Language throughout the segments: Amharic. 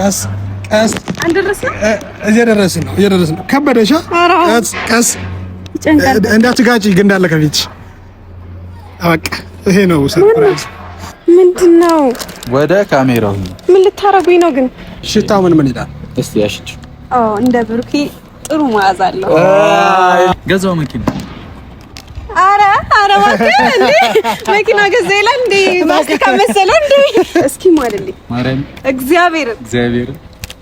ቀስ ቀስ እየደረስን ነው እየደረስን ነው። ከበደሽ ቀስ ቀስ እንዳትጋጭ ግን እንዳለ ከፊት ይሄ ነው ምንድን ነው? ወደ ካሜራው ምን ልታረጉኝ ነው ግን? ሽታው ምን ምን ይላል? እስቲ ያሽት። እንደ ብሩኬ ጥሩ መዓዛ አለው። ገዛው መኪና አረ አረ እባክህ እንዴ መኪና ገዛ ይላል እንዴ ማስቲካ መሰለው እንዴ እስኪ ማለልኝ እግዚአብሔር እግዚአብሔር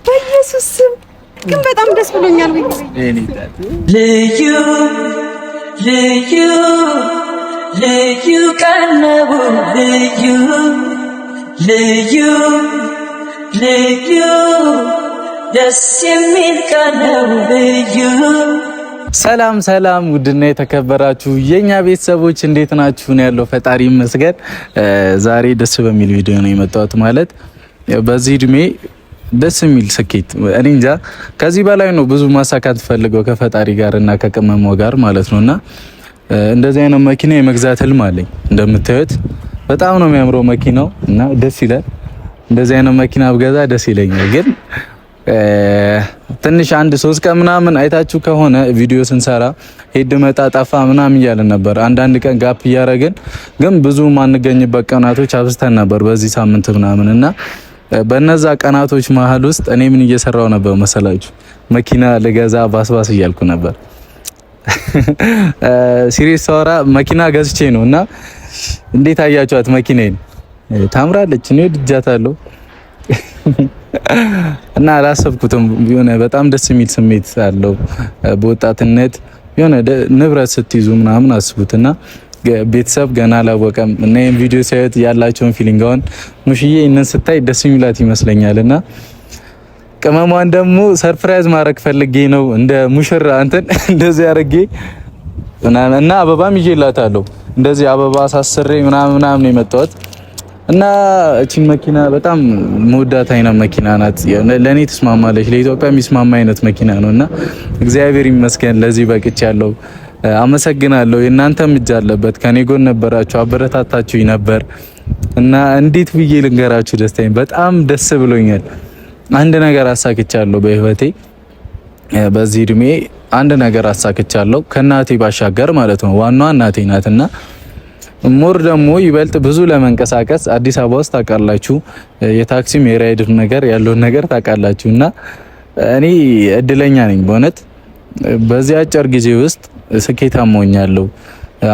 በኢየሱስ ስም ግን በጣም ደስ ብሎኛል ልዩ ልዩ ልዩ ቀነቡ ልዩ ልዩ ልዩ ደስ የሚል ቀነቡ ልዩ ሰላም ሰላም፣ ውድና የተከበራችሁ የኛ ቤተሰቦች እንዴት ናችሁ? ነው ያለው። ፈጣሪ ይመስገን። ዛሬ ደስ በሚል ቪዲዮ ነው የመጣሁት። ማለት በዚህ እድሜ ደስ የሚል ስኬት እኔ እንጃ ከዚህ በላይ ነው ብዙ ማሳካት ፈልገው ከፈጣሪ ጋር እና ከቅመሟ ጋር ማለት ነውና እንደዚህ አይነት መኪና የመግዛት ህልም አለኝ። እንደምታዩት በጣም ነው የሚያምረው መኪናው እና ደስ ይላል። እንደዚህ አይነት መኪና ብገዛ ደስ ይለኛል ግን ትንሽ አንድ ሶስት ቀን ምናምን አይታችሁ ከሆነ ቪዲዮ ስንሰራ ሄድ መጣ ጠፋ ምናምን እያልን ነበር። አንዳንድ ቀን ጋፕ እያረግን ግን ብዙ ማንገኝበት ቀናቶች አብዝተን ነበር በዚህ ሳምንት ምናምን እና በነዛ ቀናቶች መሀል ውስጥ እኔ ምን እየሰራው ነበር መሰላችሁ? መኪና ልገዛ ባስባስ እያልኩ ነበር። ሲሪስ ሳወራ መኪና ገዝቼ ነው እና እንዴት አያችኋት መኪናዬን? ታምራለች። እኔ ድጃታለሁ እና አላሰብኩትም። የሆነ በጣም ደስ የሚል ስሜት አለው። በወጣትነት የሆነ ንብረት ስትይዙ ምናምን አስቡትና ቤተሰብ ገና አላወቀም እና ይህን ቪዲዮ ሲያዩት ያላቸውን ፊሊንግ አሁን ሙሽዬ ይህንን ስታይ ደስ የሚላት ይመስለኛል። እና ቅመሟን ደግሞ ሰርፕራይዝ ማድረግ ፈልጌ ነው እንደ ሙሽራ አንተን እንደዚህ አድርጌ እና አበባም ይዤላታለሁ። እንደዚህ አበባ ሳስሬ ምናምን ምናምን የመጣሁት እና እቺን መኪና በጣም መወዳት አይነት መኪና ናት። ለእኔ ትስማማለች፣ ለኢትዮጵያ የሚስማማ አይነት መኪና ነው እና እግዚአብሔር ይመስገን ለዚህ በቅች ያለው አመሰግናለሁ። የእናንተም እጅ አለበት። ከኔ ጎን ነበራችሁ፣ አበረታታችሁኝ ነበር እና እንዴት ብዬ ልንገራችሁ ደስታዬን። በጣም ደስ ብሎኛል። አንድ ነገር አሳክቻለሁ በህይወቴ በዚህ እድሜ አንድ ነገር አሳክቻለሁ ከእናቴ ባሻገር ማለት ነው። ዋናዋ እናቴ ናትና ሞር ደግሞ ይበልጥ ብዙ ለመንቀሳቀስ አዲስ አበባ ውስጥ ታውቃላችሁ፣ የታክሲም የራይድር ነገር ያለውን ነገር ታውቃላችሁ። እና እኔ እድለኛ ነኝ በእውነት በዚህ አጭር ጊዜ ውስጥ ስኬታማ ሆኛለሁ።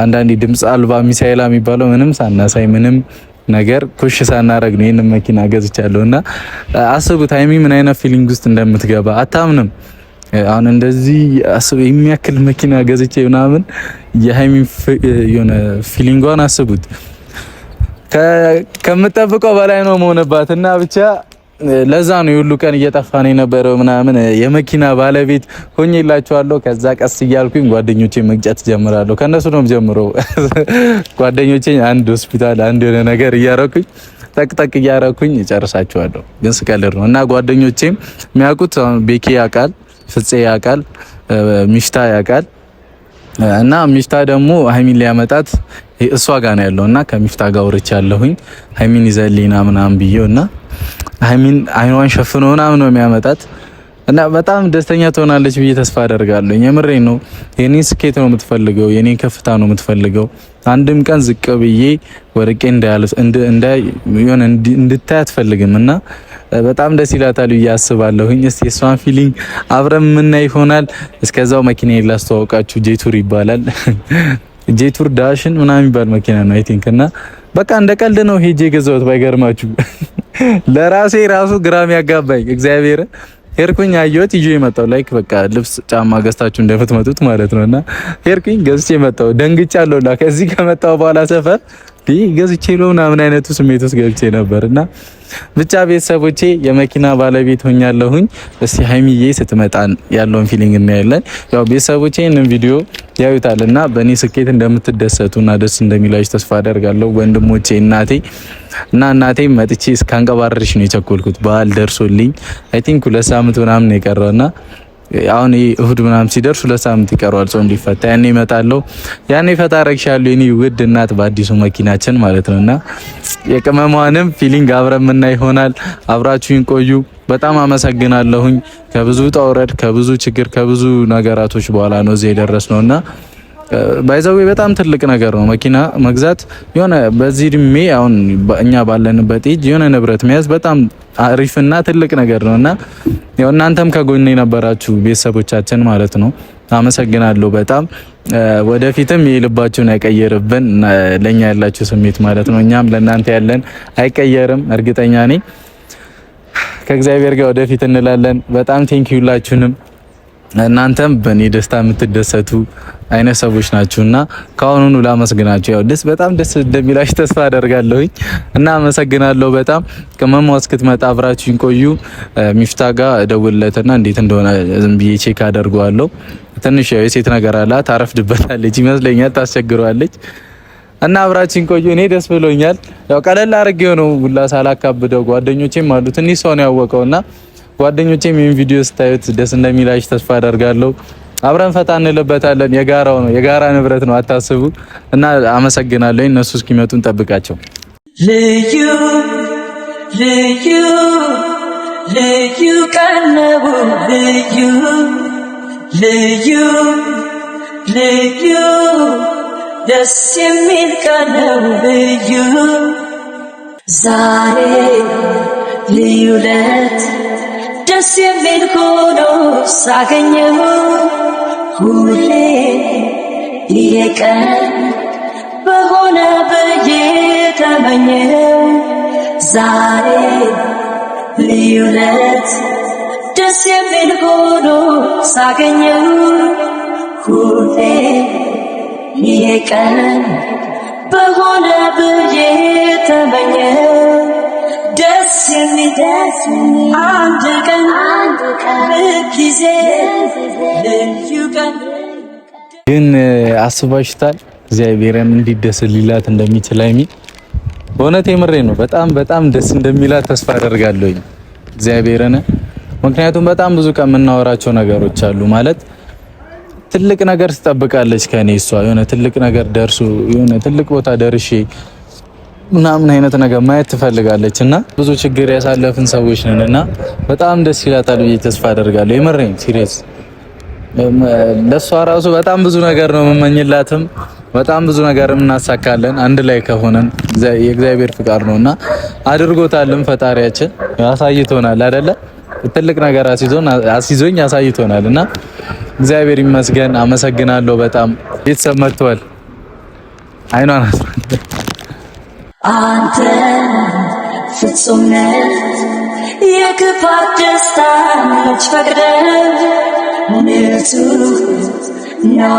አንዳንዴ ድምፅ አልባ ሚሳኤላ የሚባለው ምንም ሳናሳይ ምንም ነገር ኩሽ ሳናረግ ነው ይህንን መኪና ገዝቻለሁ። እና አስቡ ታይሚ ምን አይነት ፊሊንግ ውስጥ እንደምትገባ አታምንም። አሁን እንደዚህ አስብ የሚያክል መኪና ገዝቼ ምናምን የሃይሚን የሆነ ፊሊንጓን አስቡት። ከምጠብቀው በላይ ነው መሆንባት እና ብቻ ለዛ ነው የሁሉ ቀን እየጠፋን የነበረው ምናምን የመኪና ባለቤት ሆኜላችኋለሁ። ከዛ ቀስ እያልኩኝ ጓደኞቼ መግጨት ጀምራለሁ። ከነሱ ነው ጀምረው ጓደኞቼ አንድ ሆስፒታል፣ አንድ የሆነ ነገር እያረኩኝ ጠቅጠቅ እያረኩኝ እጨርሳችኋለሁ። ግን ስቀልድ ነው እና ጓደኞቼም የሚያውቁት ቤኬ ያውቃል ፍፄ ያውቃል፣ ሚሽታ ያውቃል። እና ሚሽታ ደግሞ ሀይሚን ሊያመጣት እሷ ጋር ነው ያለው እና ከሚፍታ ጋር ወርቻ ያለሁኝ ሀይሚን ይዘልኝና ምናምን ብዬው እና ሀይሚን አይኗን ሸፍኖ ምናምን ነው የሚያመጣት እና በጣም ደስተኛ ትሆናለች ብዬ ተስፋ አደርጋለሁ። የምሬ ነው። የኔን ስኬት ነው የምትፈልገው፣ የኔን ከፍታ ነው የምትፈልገው። አንድም ቀን ዝቅ ብዬ ወርቄ እንዳያልፍ እንድታይ አትፈልግም እና በጣም ደስ ይላታል ብዬ አስባለሁኝ። እስቲ እሷን ፊሊንግ አብረን የምናይ ይሆናል። እስከዛው መኪና ላስተዋውቃችሁ። ጄቱር ይባላል። ጄቱር ዳሽን ምናምን የሚባል መኪና ነው አይ ቲንክ እና በቃ እንደ ቀልድ ነው ሄጄ የገዛሁት ባይገርማችሁ ለራሴ ራሱ ግራም ያጋባኝ እግዚአብሔር ሄርኩኝ አየሁት ይዤ የመጣው ላይክ በቃ ልብስ ጫማ ገዝታችሁ እንደምትመጡት ማለት ነውና ሄርኩኝ ገዝቼ መጣው ደንግጫለሁ ላ ከዚህ ከመጣው በኋላ ሰፈር ገዝቼ ነው ምናምን አይነቱ ስሜት ውስጥ ገብቼ ነበር እና ብቻ ቤተሰቦቼ የመኪና ባለቤት ሆኛለሁኝ። እስቲ ሀይሚዬ ስትመጣን ያለውን ፊሊንግ እናያለን። ያው ቤተሰቦቼ ይህንን ቪዲዮ ያዩታል እና በእኔ ስኬት እንደምትደሰቱና ደስ እንደሚላችሁ ተስፋ አደርጋለሁ። ወንድሞቼ እናቴ እና እናቴ መጥቼ እስካንቀባረርሽ ነው የቸኮልኩት። በዓል ደርሶልኝ አይ ቲንክ ሁለት ሳምንት ምናምን የቀረውና አሁን እሁድ ምናምን ሲደርስ ሁለት ሳምንት ይቀረዋል ሰው እንዲፈታ። ያኔ እመጣለሁ። ያኔ ፈታ ረግሻለሁ የኔ ውድ እናት በአዲሱ መኪናችን ማለት ነውና የቅመሟንም ፊሊንግ አብረን ምና ይሆናል። አብራችሁኝ ቆዩ። በጣም አመሰግናለሁኝ። ከብዙ ጣውረድ፣ ከብዙ ችግር፣ ከብዙ ነገራቶች በኋላ ነው እዚህ የደረስ ነውና ባይዘው በጣም ትልቅ ነገር ነው። መኪና መግዛት የሆነ በዚህ እድሜ አሁን እኛ ባለንበት ኤጅ የሆነ ንብረት መያዝ በጣም አሪፍና ትልቅ ነገር ነው እና ያው እናንተም ከጎን የነበራችሁ ቤተሰቦቻችን ማለት ነው አመሰግናለሁ በጣም ወደፊትም የልባችሁን አይቀየርብን ለኛ ያላችሁ ስሜት ማለት ነው። እኛም ለእናንተ ያለን አይቀየርም እርግጠኛ ነኝ። ከእግዚአብሔር ጋር ወደፊት እንላለን። በጣም ቴንኪዩላችሁንም እናንተም በእኔ ደስታ የምትደሰቱ አይነት ሰዎች ናችሁ እና ከአሁኑኑ ላመስግናችሁ። ያው ደስ በጣም ደስ እንደሚላችሁ ተስፋ አደርጋለሁኝ እና አመሰግናለሁ በጣም ቅመሟ እስክትመጣ አብራችሁኝ ቆዩ። ሚፍታ ጋር እደውልለትና እንዴት እንደሆነ ዝም ብዬ ቼክ አደርገዋለሁ። ትንሽ ያው የሴት ነገር አላ ታረፍድበታለች ይመስለኛል፣ ታስቸግረዋለች እና አብራችን ቆዩ። እኔ ደስ ብሎኛል። ያው ቀለል አድርጌው ነው ሁላ ሳላካብደው ጓደኞቼም አሉት እኔ ሰው ነው ያወቀውና ጓደኞቼም ይህን ቪዲዮ ስታዩት ደስ እንደሚላችሁ ተስፋ አደርጋለሁ። አብረን ፈታ እንለበታለን። የጋራው ነው፣ የጋራ ንብረት ነው፣ አታስቡ። እና አመሰግናለሁ። እነሱ እስኪመጡ እንጠብቃቸው። ልዩ ልዩ ልዩ ቀለቡ ልዩ ልዩ ልዩ ደስ የሚል ቀለቡ ልዩ ዛሬ ልዩ ለት ደስ የሚል ሆኖ ሳገኘው ሁሌ እየቀን በሆነ ብዬ ዛሬ ልዩነት ደስ የሚል ሆኖ ሳገኘው ሁሌ እየቀን በሆነ ብዬ ደስ የሚል አንድ ቀን ጊዜ ልዩ ቀን ግን አስባሽታል እግዚአብሔርን እንዲደስል ሊላት እንደሚችል ሀይሚ በእውነት የምሬ ነው። በጣም በጣም ደስ እንደሚላት ተስፋ አደርጋለሁኝ እግዚአብሔርን። ምክንያቱም በጣም ብዙ ቀን የምናወራቸው ነገሮች አሉ ማለት ትልቅ ነገር ትጠብቃለች ከኔ እሷ የሆነ ትልቅ ነገር ደርሶ የሆነ ትልቅ ቦታ ደርሼ ምናምን አይነት ነገር ማየት ትፈልጋለች እና ብዙ ችግር ያሳለፍን ሰዎች ነን እና በጣም ደስ ይላታል ብዬ ተስፋ አደርጋለሁ። የምሬን ሲሪየስ ለእሷ ራሱ በጣም ብዙ ነገር ነው የምመኝላትም በጣም ብዙ ነገር እናሳካለን አንድ ላይ ከሆነን የእግዚአብሔር ፍቃድ ነው እና አድርጎታልም ፈጣሪያችን አሳይቶናል አደለ ትልቅ ነገር አስይዞኝ አሳይቶናል እና እግዚአብሔር ይመስገን አመሰግናለሁ በጣም ቤተሰብ መጥተዋል አይኗ አንተ ፍጹምነት የክፋት ደስታን መች ፈቅደ ንጹህ ነው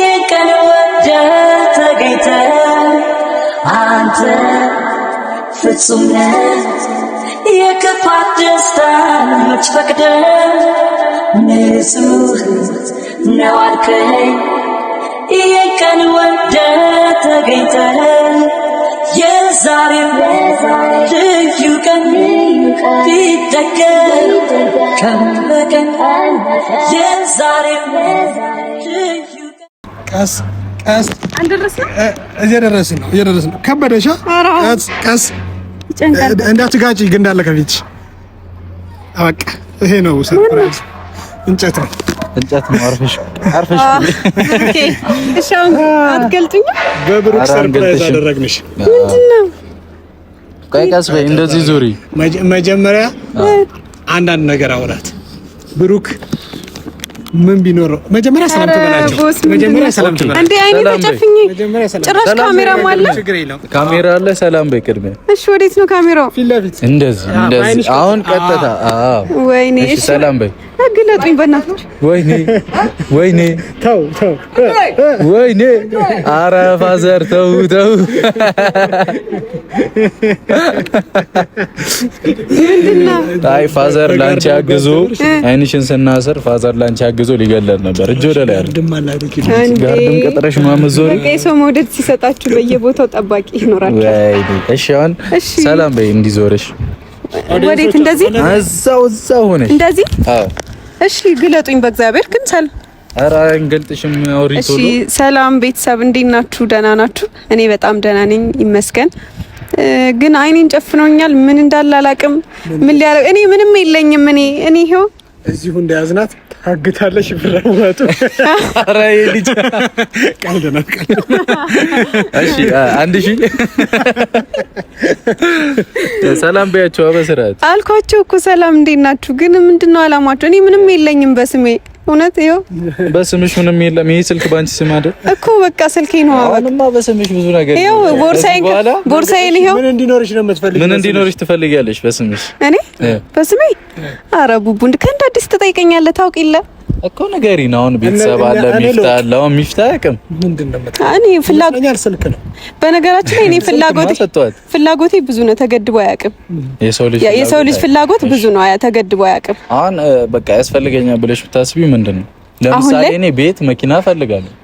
የቀን ወደ ተገኝተ አንተ ፍጹምነት የክፋት ደስታን መች ፈቅደ ንጹህ ነው ይህን ቀን ወደ ተገኝተህ የዛሬው ልዩ ቀን ቢደገም ቀን በቀን የዛሬው ልዩ ቀስ እየደረስን ነው ከበደሽ ቀስ እንዳትጋጭ ግን እንዳለ ከፊትሽ በቃ ይሄ ነው እንጨት ነው። እንጨት ነው። አርፈሽ አርፈሽ። ኦኬ እሺ። አሁን አትገልጡኝ። በብሩክ ሰርፕራይዝ አደረግንሽ። ምንድነው? ቆይ ቀስ በይ። እንደዚህ ዙሪ። መጀመሪያ አንዳንድ ነገር አውራት። ብሩክ ምን ቢኖረው መጀመሪያ ሰላም ትበላቸው። መጀመሪያ ሰላም ትበላቸው። እንዴ አይኔ ተጨፍኝ። ጭራሽ ካሜራ ማለ ካሜራ አለ። ሰላም በይ እሺ፣ ወዴት ነው ካሜራው? ፊት ለፊት። እንደዚህ እንደዚህ። አሁን ቀጥታ። አዎ፣ ወይኔ። እሺ፣ ሰላም በይ ግለጡኝ በእናቶች። ወይኔ ወይኔ፣ ተው ተው፣ ወይኔ! ኧረ ፋዘር ተው ተው። አይ ፋዘር ላንቺ አግዞ አይንሽን ስናስር ፋዘር ላንቺ አግዞ ሊገለል ነበር። እጅ ወደ ላይ ጋርድም ቅጥረሽ ማመዞሪ ሰው መውደድ ሲሰጣችሁ በየቦታው ጠባቂ ይኖራችኋል። እሺ አሁን ሰላም በይ እንዲዞርሽ ወዴት? እንደዚህ እዛው እዛው ሆነሽ እንደዚህ። አዎ እሺ ግለጡኝ። በእግዚአብሔር ግን ሰል ኧረ እንገልጥሽም። እሺ ሰላም ቤተሰብ እንዴት ናችሁ? ደህና ናችሁ? እኔ በጣም ደህና ነኝ ይመስገን። ግን አይኔን ጨፍኖኛል። ምን እንዳላላቅም ምን ሊያረግ እኔ ምንም የለኝም። እኔ እኔ ይሄው እዚሁ እንደያዝናት አግታለሽ ብር አዋጡ። ኧረ ልጅ ቀልድ ነው። እሺ አንድ ሺ ሰላም በያቸው። በስርዓት አልኳቸው እኮ ሰላም እንዴት ናችሁ? ግን ምንድነው አላማቸው? እኔ ምንም የለኝም በስሜ እውነት ይኸው በስምሽ ምንም የለም። ይሄ ስልክ ባንቺ ስም አይደል እኮ በቃ ስልኬ ነው። አሁንማ በስምሽ ብዙ ነገር ይኸው ቦርሳዬን ቦርሳዬን ይኸው ምን እንዲኖርሽ ነው የምትፈልጊው? ምን እንዲኖርሽ ትፈልጊያለሽ በስምሽ? እኔ በስሜ ኧረ ቡቡ እንደ ከእንደ አዲስ ትጠይቀኛለህ ታውቅ እኮ ነገሪ ነው። አሁን ቤተሰብ አለ ሚፍታ አለ። አሁን ሚፍታ አያውቅም። እኔ በነገራችን ላይ እኔ ፍላጎቴ ፍላጎቴ ብዙ ነው፣ ተገድቦ አያውቅም። የሰው ልጅ ፍላጎት ብዙ ነው፣ ተገድቦ አያውቅም። አሁን በቃ ያስፈልገኛል ብለሽ ብታስቢ ምንድን ነው? ለምሳሌ እኔ ቤት መኪና እፈልጋለሁ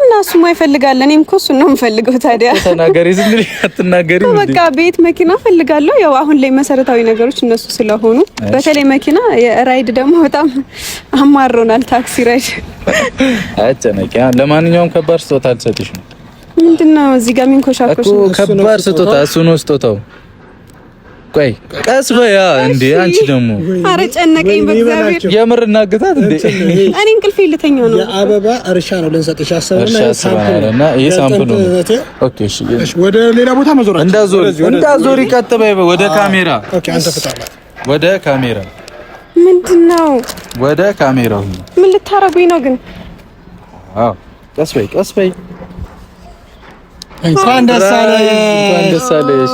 እና እሱማ ይፈልጋል። እኔም እኮ እሱን ነው የምፈልገው። ታዲያ ተናገሪ፣ ዝም ብለሽ አትናገሪ። በቃ ቤት፣ መኪና ፈልጋለሁ። ያው አሁን ላይ መሰረታዊ ነገሮች እነሱ ስለሆኑ በተለይ መኪና፣ የራይድ ደግሞ በጣም አማሮናል። ታክሲ ራይድ አጨነቂ። ለማንኛውም ከባድ ስጦታ አልሰጥሽ ነው። ምንድነው እዚህ ጋር ሚንኮሻኮሽ? ከባድ ስጦታ እሱ ነው ስጦታው ቆይ ቀስ በያ እንዴ! አንቺ ደግሞ አረ ጨነቀኝ በእግዚአብሔር። የምር እናግታት እንዴ! እኔ እንቅልፍ ልተኛ ነው። የአበባ እርሻ ነው ልንሰጥሽ አሰበና ይሄ ሳምፕል ነው። ኦኬ፣ እሺ። ወደ ሌላ ቦታ መዞር እንዳዞር እንዳዞር ይቀጥበይ ወደ ካሜራ ኦኬ። አንተ ፍታላ ወደ ካሜራ ምንድነው? ወደ ካሜራው ምን ልታረጉኝ ነው ግን? አዎ፣ ቀስ በይ፣ ቀስ በይ እንኳን ደስ አለሽ፣ እንኳን ደስ አለሽ።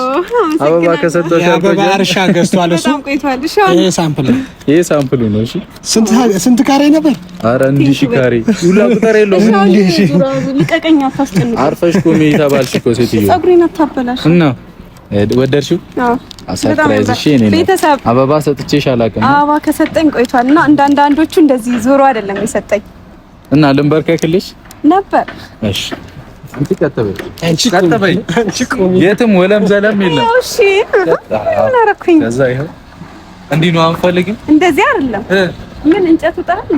አበባ ከሰጠሽ አበባ እርሻ ገዝቷል። እሱ ይሄ ሳምፕል ነው፣ ይሄ ሳምፕሉ ነው። እሺ ስንት ስንት ካሬ ነበር? ኧረ እንዲህ ሺህ ካሬ ሁላ ቁጥር የለውም። ልቀቀኝ፣ አታስጨንቅ። አርፈሽ ቁሚ ተባልሽ እኮ ሴትዮው። ፀጉሬን አታበላሽ እና ወደድሽው? ቤተሰብ አበባ ሰጥቼሽ አላውቅም። አበባ ከሰጠኝ ቆይቷል እና እንደ አንዳንዶቹ እንደዚህ ዞሮ አይደለም የሰጠኝ እና ልንበርከክልሽ ነበር። እሺ አንቺ ቀጥ በይ፣ አንቺ ቀጥ የትም ወለም ዘለም የለም። እሺ ምን አደረኩኝ? ከዛ ይኸው እንዲህ ነው። አንፈልግም። እንደዚህ አይደለም። ምን እንጨቱ ጠራል።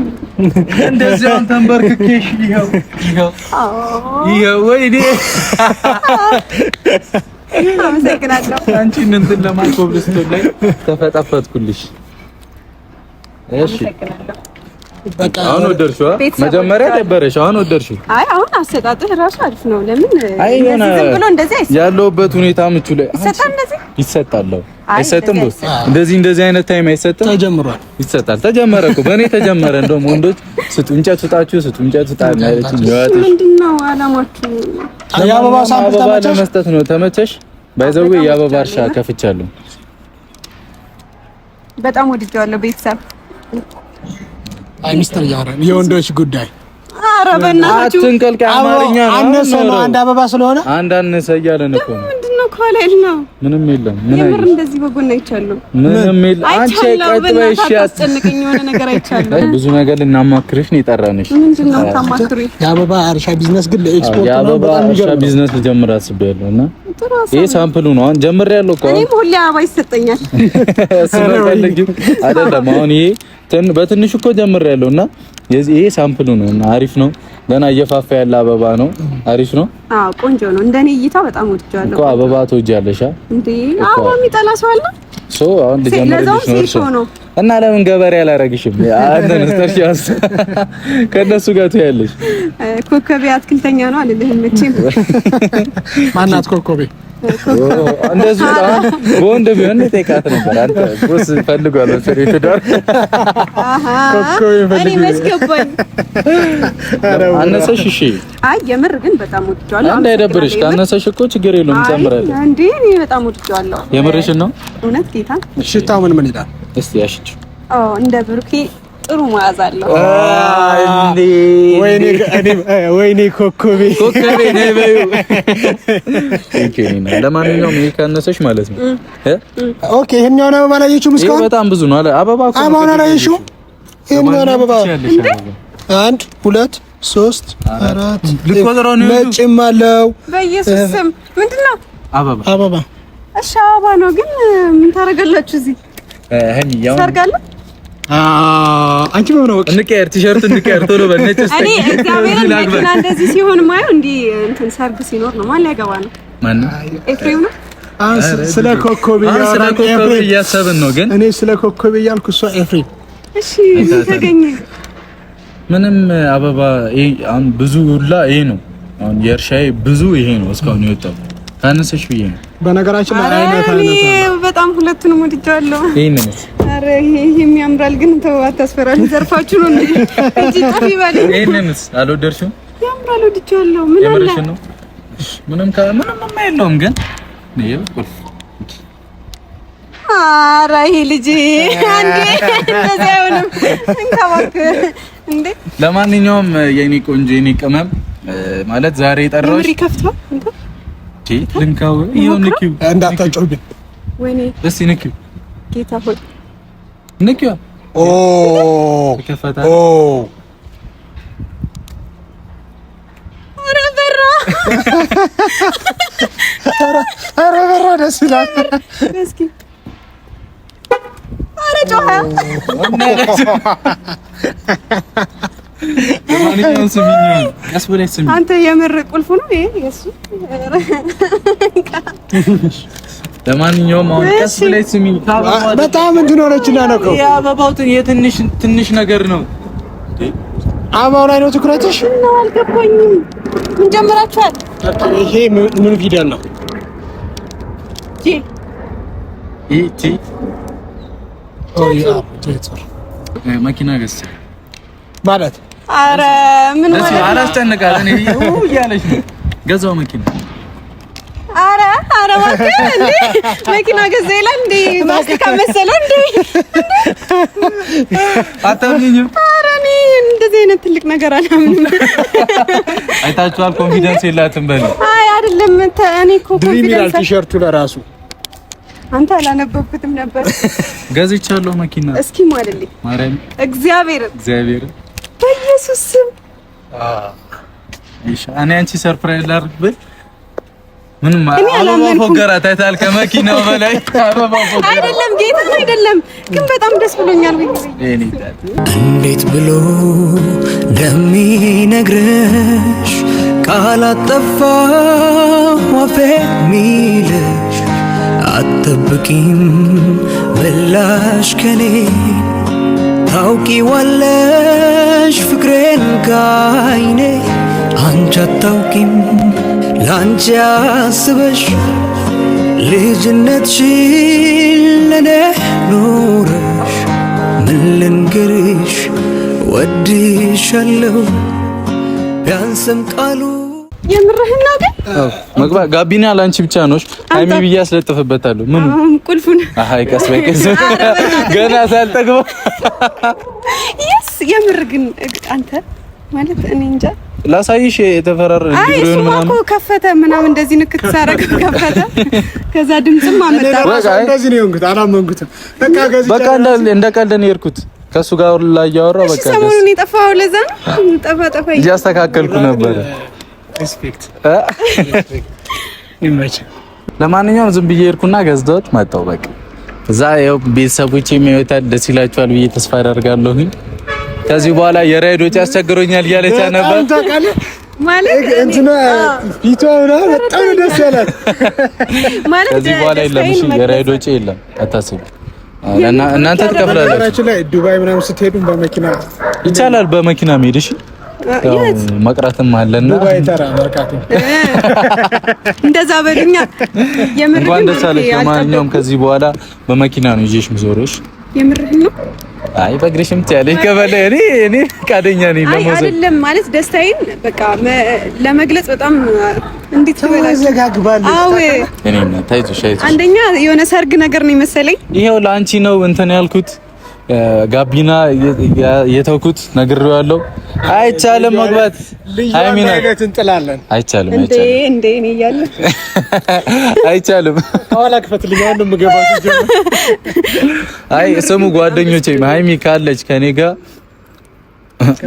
እንደዚህ አሁን ተንበርክኬሽ ይኸው፣ ይኸው፣ ይኸው። ወይኔ አመሰግናለሁ። አንቺን እንትን ለማን ኮብልስቶን ላይ ተፈጠፈጥኩልሽ። እሺ አሁን ወደድሽው? መጀመሪያ ደበረሽ፣ አሁን ወደድሽው? አይ አሁን አሰጣጥህ ራሱ አሪፍ ነው። ለምን አይ ሁኔታ ምቹ ላይ ይሰጣል። እንደዚህ እንደዚህ አይነት ታይም አይሰጥም። ተጀምሯል። ይሰጣል። ተጀመረ እኮ በእኔ ተጀመረ። እንደውም ወንዶች ስጡ እንጨት ስጣችሁ፣ ስጡ እንጨት ስጣ ማለት ለመስጠት ነው። ተመቸሽ? የአበባ እርሻ ከፍቻለሁ። በጣም ቤተሰብ አይ ሚስጥር እያወራን የወንዶች ጉዳይ። ኧረ በእናትህ አትንቀልቀል። አማርኛ ነው። አንድ አበባ ስለሆነ አንድ አነሰ እያለን እኮ ነው ነው ኮሌጅ ነው። ምንም የለም። ምን አይነት እንደዚህ በጎን አይቻለሁ። ምንም የለም። አንቺ ቀጥ በይ እሺ። አስጨንቅኝ የሆነ ነገር አይቻለሁ። ብዙ ነገር ልናማክርሽ ነው የጠራንሽ። ምንድነው ታማክሩኝ? የአበባ እርሻ ቢዝነስ ግን ለኤክስፖርት ነው። የአበባ እርሻ ቢዝነስ ልጀምር አስቤያለሁ እና ይሄ ሳምፕሉ ነው። አሁን ጀምሬያለሁ እኮ እኔም ሁሌ አበባ ይሰጠኛል። ስለዚህ አይደለም አሁን ይሄ በትንሽ እኮ ጀምሬያለሁ እና ይሄ ሳምፕሉ ነው እና አሪፍ ነው። ገና እየፋፋ ያለ አበባ ነው። አሪፍ ነው። አዎ ቆንጆ ነው። እንደኔ እይታ በጣም ወድጃለሁ እኮ አበባ ትወጃለሽ። እንዴ አዎ የሚጠላ ሰው አለ? ሶ አሁን ልጀምርልሽ ነው እና ለምን ገበሬ አላረግሽም? አንተ ነስተሽ ያስ ከነሱ ጋር ትያለሽ። ኮከቤ አትክልተኛ ነው አለልህ። መቼም። ማናት ኮከቤ እንደዚህ በወንድ ቢሆን ጠይቃት ነበር። አንተ ቦስ ፈልጓል መሰለኝ ትዳር አነሰሽ? እሺ፣ አይ የምር ግን በጣም ወድጄዋለሁ። እንዳይደብርሽ ካነሰሽ እኮ ችግር የለውም እንጨምራለን። እንዴ እኔ በጣም ወድጄዋለሁ። የምርሽን ነው? እውነት ጌታ። ሽታው ምን ምን ይላል? እስቲ ያሽች። አዎ እንደ ብሩኬ ጥሩ መዓዛ አለው። ወይኔ ኮኮቤ ኮኮቤ ነይ በይው። ለማንኛውም ይሄ ካነሰሽ ማለት ነው። ኦኬ ይሄን ይሄኛውን አበባ አላየሽውም እስካሁን? በጣም ብዙ ነው አለ አበባ እኮ አበባውን ይሄን ይሄኛውን አበባ አንድ ሁለት ሶስት አራት ነጭም አለው። በኢየሱስ ስም ምንድን ነው አበባ? አበባ እሺ፣ አበባ ነው ግን ምን ታደርጋላችሁ እዚህ ሰርጋለሁ አንቺ ምን ነው? እንቀየር፣ ቲሸርት እንቀየር፣ ቶሎ በነጭ እስቲ። እኔ እግዚአብሔርን መኪና እንደዚህ ሲሆን ማየው እንዲ እንትን ሰርግ ሲኖር ነው። ማን ያገባ ነው? ማን ኤፍሬም ነው። ስለ ኮከብ እያሰብን ነው፣ ግን እኔ ስለ ኮከብ እያልኩ እሷ ኤፍሬም። እሺ ምን ተገኘ? ምንም አበባ። አሁን ብዙ ሁላ ይሄ ነው። አሁን የእርሻዬ ብዙ ይሄ ነው። እስካሁን የወጣው ታነሰሽ ብዬ ነው በነገራችን ላይ አይነት አይነት በጣም ሁለቱንም ወድጃለሁ። ይሄንስ አረ ይሄም ያምራል፣ ግን ተው አታስፈራል። ዘርፋችሁ ነው እንዴ? እጂ ጠፊ ባለ ይሄንስ አልወደድሽውም? ያምራል፣ ወድጃለሁ። ምን አለ ምንም ምንም የማይለውም ግን ነው ቁልፍ አረ ይሄ ልጅ አንዴ እንደዛ አይሆንም። እንካባክ እንዴ። ለማንኛውም የኔ ቆንጆ የኔ ቅመም ማለት ዛሬ የጠራሁሽ ምሪ ከፍቷል እንዴ ልንካው ይሁን አንተ የምር ቁልፉ ነው ይሄ የእሱ ለማንኛውም አሁን ቀስ ብለሽ ስሚኝ። በጣም እንድኖረች እናነቀው የአበባው የትንሽ ትንሽ ነገር ነው። አበባው ላይ ነው ትኩረትሽ? ነው አልገባኝም። ምን ጀምራችኋል? ይሄ ምን ፊደል ነው? ቲ ኢ ቲ መኪና ገዝቼ ማለት አረ ምን ማለት ነው? አላስጨንቃት እኔ እያለች ነው ገዛው መኪና አረ አረ እባክህ እንዴ መኪና ገዛ ይላል እንዴ ማስቲካ መሰለ እንዴ አታምኝም አረ እኔ እንደዚህ አይነት ትልቅ ነገር አላምንም አይታችኋል ኮንፊደንስ የላትም በል አይ አይደለም እኔ እኮ ድሪም ይላል ቲሸርቱ ለራሱ አንተ አላነበብኩትም ነበር ገዝቻለሁ መኪና እስኪ ማለልኝ ማርያም እግዚአብሔር እግዚአብሔር በኢየሱስ ስም እኔ አንቺ ሰርፕራይዝ ላድርግ ብል ምንም አበባ ፎገራት ታይታል። ከመኪናው በላይ አበባ ፎገራት አይደለም፣ ጌታ አይደለም። ግን በጣም ደስ ብሎኛል። እንዴት ብሎ እንደሚነግርሽ ካላጠፋ አፌ ሚልሽ አጠብቂም በላሽ ከኔ ታውቂ ዋለሽ ፍቅሬን ካይኔ አንቺ አታውቂም ለአንቺ አስበሽ ልጅነትሽን ለኔ ኖረሽ ምን ልንገርሽ ወድሻለሁ ቢያንስም ቃሉ የምርህና ግን መግባ ጋቢና ላንቺ ብቻ ነሽ። ሃይሚ ብዬ አስለጥፍበታለሁ። ምን ቁልፉን አይ ቀስ በቀስ ገና ሳልጠግበው የምር ግን አንተ ማለት እኔ እንጃ ላሳይሽ የተፈራረ ዲግሪውን ምናምን አይ ከፈተ ምናምን እንደዚህ ንክት ሳረግ ከፈተ። ከዛ ድምጽም አመጣ። እንደዚህ ነው እንግዲህ አላመንኩትም። በቃ ከዚህ በቃ እንደ እንደ ቀልድ ነው የሄድኩት ከሱ ጋር ላይ እያወራ በቃ ሰሞኑን የጠፋው ለዛ ነው ጠፋ ጠፋ እያስተካከልኩ ነበር። ሪስፔክት ይመች። ለማንኛውም ዝም ብዬ ሄድኩና ገዝተውት መጣሁ። በቃ እዛ ያው ቤተሰቦቼ የሚወጣ ደስ ይላቸዋል ብዬ ተስፋ አደርጋለሁኝ። ከዚህ በኋላ የራይድ ወጪ ያስቸግሮኛል እያለች ነበር። ማለት እንትና ፊቷ በጣም ደስ ያላት ማለት ከዚህ በኋላ የለም። እሺ የራይድ ወጪ የለም አታስቢ። እናንተ ትከፍላላችሁ። ላይ ዱባይ ምናምን ስትሄዱ በመኪና ይቻላል፣ በመኪና መሄድ እሺ። መቅረትም አለና እንደዛ ከዚህ በኋላ በመኪና ነው ይዤሽ ነው አይ በእግርሽም ትያለሽ ይገባል። እኔ እኔ ፈቃደኛ ነኝ አይ አይደለም ማለት ደስታዬን በቃ ለመግለጽ በጣም እንዴት ይበላል ዘጋግባል። አዎ እኔ ታይቶ አንደኛ የሆነ ሰርግ ነገር ነው መሰለኝ። ይሄው ለአንቺ ነው እንትን ያልኩት ጋቢና የተውኩት ነግሬው ያለው አይቻልም፣ መግባት ሃይሚና እንጥላለን። አይቻልም እንዴ እንዴ ነው ያለ አይቻልም። አይ ስሙ ጓደኞቼ፣ ሃይሚ ካለች ከኔ ጋር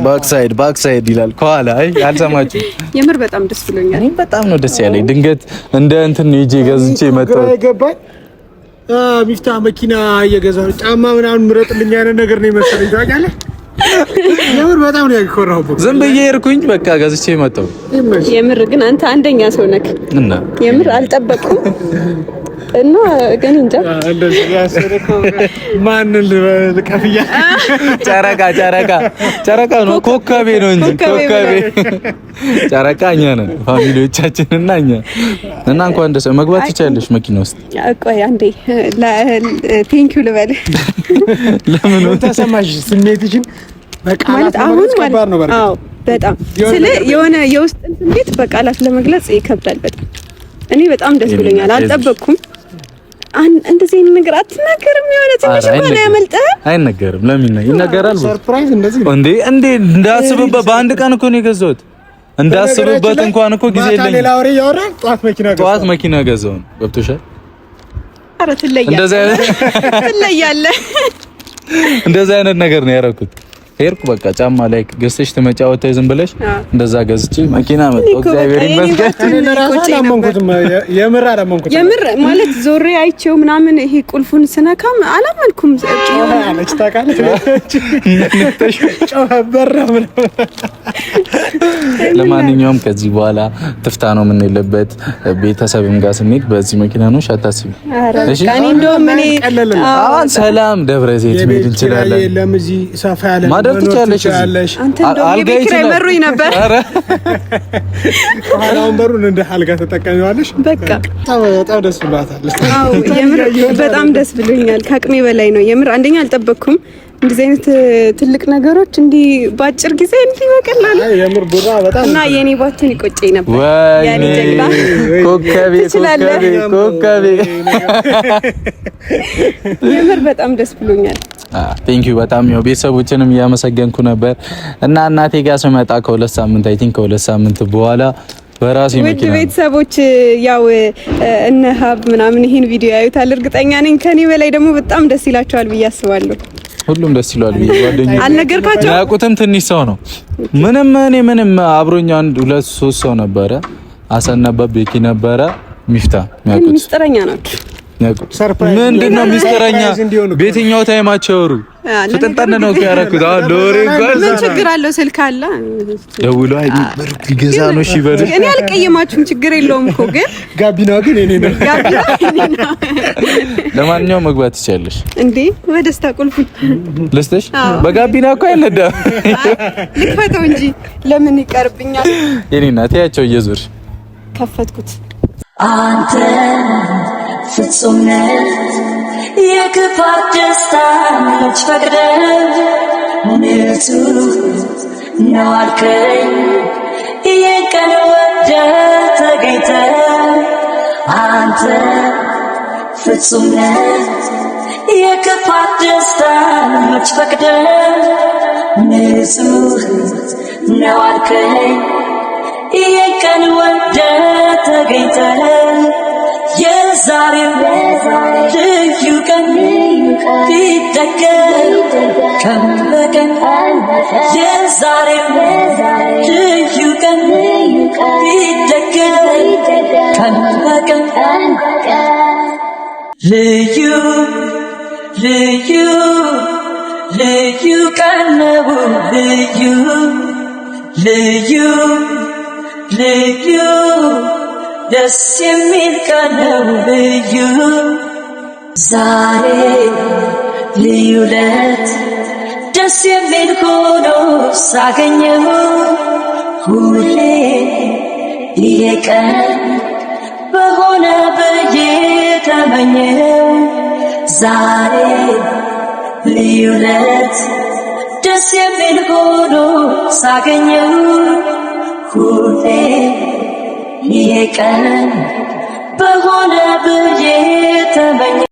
ባክሳይድ ባክሳይድ ይላል ከኋላ። አይ አልሰማችሁ? የምር በጣም ደስ ብሎኛል። በጣም ነው ደስ ያለኝ። ድንገት እንደ እንትን ነው ይጄ ገዝቼ መጣሁ ሚፍታ መኪና እየገዛ ነው ጫማ ምናምን ምረጥልኝ ያለ ነገር ነው የመሰለኝ። ታውቂያለህ፣ የምር በጣም ነው ያኮራሁበት። ዝም ብዬ ሄድኩኝ በቃ ገዝቼ መጣሁ። የምር ግን አንተ አንደኛ ሰው እና የምር አልጠበቅኩም እና ግን እንጃ ማንን ልቀፍያ ጨረቃ ጨረቃ ጨረቃ ነው ኮከቤ ነው እንጂ ኮከቤ ጨረቃ እኛ ነን ፋሚሊዎቻችን እና እኛ እና እንኳን ደስ መግባት ትቻለሽ መኪና ውስጥ ቆይ አንዴ ቴንክ ዩ ልበል ለምን ተሰማሽ ስሜትሽን በቃ ማለት አሁን ማለት ነው በጣም ስለ የሆነ የውስጥን ስሜት በቃላት ለመግለጽ ይከብዳል በጣም እኔ በጣም ደስ ብሎኛል አልጠበቅኩም እንደዚህ አይነት ነገር አትናገርም። የሆነ ትንሽ እንኳን አያመልጥህም። አይነገርም። ለምን ነው ይነገራል? ሰርፕራይዝ እንደዚህ እንዴ እንዴ እንዳስብበት በአንድ ቀን እኮ ነው የገዛሁት። እንዳስብበት እንኳን እኮ ጊዜ የለኝም። ሌላ ወሬ እያወራን ጠዋት መኪና ገዛሁን። ጠዋት መኪና ገዛሁን። ገብቶሻል? ኧረ ትለያለህ፣ ትለያለህ። እንደዚህ አይነት ነገር ነው ያደረኩት። ሄድኩ በቃ ጫማ ላይ ገዝተሽ ትመጫወተ ዝም ብለሽ እንደዛ ገዝቼ መኪና መጣሁ። እግዚአብሔር ይመስገን። የምር ማለት ዞሬ አይቼው ምናምን ይሄ ቁልፉን ስነካም አላመንኩም። ለማንኛውም ከዚህ በኋላ ትፍታ ነው የምንልበት። ቤተሰብም ጋር ስንሄድ በዚህ መኪና ነው ሻታስቢ። እሺ ሰላም ደብረ ዘይት መሄድ እንችላለን። መቻል አንተ አልጋ ይችላል መሩኝ ነበር። ኧረ ወንበሩን እንደ አልጋ ተጠቀሚዋለሽ። በቃ በጣም ደስ ብሏታል። በጣም ደስ ብሎኛል። ከአቅሜ በላይ ነው የምር። አንደኛ አልጠበቅኩም እንደዚህ አይነት ትልቅ ነገሮች እንዲህ በአጭር ጊዜ እንዲህ በቀላሉ የምር ቡራ በጣም እና የኔ ባትን ይቆጨኝ ነበር። ያኔ ጀግና ኮከቤ ኮከቤ ኮከቤ የምር በጣም ደስ ብሎኛል። ቴንኪዩ በጣም ያው ቤተሰቦችንም እያመሰገንኩ ነበር እና እናቴ ጋር ስመጣ ከሁለት ሳምንት አይ ቲንክ ከሁለት ሳምንት በኋላ በራሴ መኪና ውድ ቤተሰቦች ያው እነ ሀብ ምናምን ይሄን ቪዲዮ ያዩታል እርግጠኛ ነኝ። ከኔ በላይ ደግሞ በጣም ደስ ይላቸዋል ብዬ አስባለሁ። ሁሉም ደስ ይለዋል ብዬ ጓደኞቼ አልነገርካቸውም። ያውቁትም ትንሽ ሰው ነው። ምንም እኔ ምንም አብሮኛ አንድ ሁለት ሶስት ሰው ነበረ። አሰናባ ቤኪ ነበረ ሚፍታ ሚያውቁት ሚስጥረኛ ናቸው። ምንድን ነው ሚስጥረኛ? በየትኛው ታይማቸው ሩ ተጠንጠን ነው ያደረኩት። አሁን ዶሬ ምን ችግር አለው? ስልክ አለ ደውሎ ይገዛ ነው። እሺ በል እኔ አልቀየማችሁም፣ ችግር የለውም እኮ ግን ጋቢና ግን እኔ ነው ለማንኛውም መግባት ትችያለሽ እንዴ? በደስታ ቁልፍ ልስጥሽ። በጋቢና እኮ አይነዳም። ልክፈተው እንጂ ለምን ይቀርብኛል? የኔ እናት ያቸው እየዞርሽ ከፈትኩት አንተ ፍጹም ነህ የክፋት ደስታ መች ፈቅደህ ንጹህ ነው አልከኝ። የቀን ወደህ ተገኝተህ አንተ ፍጹም ነህ የክፋት ደስታ መች ፈቅደህ ንጹህ ነው አልከኝ። የቀን ወደህ ተገኝተህ Yes, I did think you can be the girl. Come back and yes, I did think you can be the girl. Come back and lay you, lay you, lay you can never lay you, lay you, lay you. ደስ የሚል ቀን ነው ልዩ ዛሬ ልዩ ለት ደስ የሚል ሆኖ ሳገኘሁ ሁሌ ቀን በሆነ ብዬ ዛሬ ልዩ ለት ደስ የሚል ሆኖ ሳገኘሁ ሁሌ ይሄ ቀን በሆነ ብዬ ተመኘ